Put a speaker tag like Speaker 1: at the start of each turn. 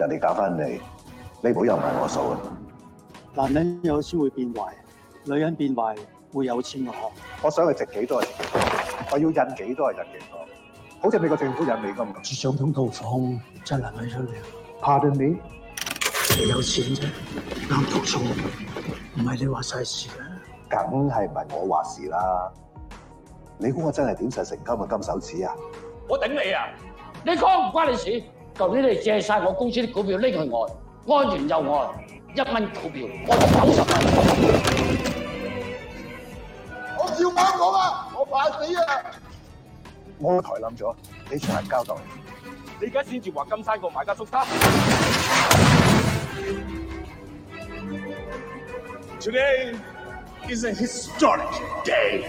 Speaker 1: 人哋搞翻你，你保又唔係我數啊！男人有錢會變壞，女人變壞會有錢。我我想佢值幾多錢，我要印幾多印嘅。好似美國政府印美金咁。住上總統套房，真係難為咗你。怕你，你有錢啫，啱逃荒，唔係你話晒事啦。梗係唔係我話事啦，你估我真係點石成金嘅金手指啊！我頂
Speaker 2: 你啊！你講唔關你事。舊年你借曬我公司啲股票拎去外，安完又外，一蚊股票安九十蚊。我照眼講啊，我怕死啊！
Speaker 1: 我台冧咗，你出嚟交代。你
Speaker 2: 而家先至話金山個買家縮沙。
Speaker 1: Today is a historic day.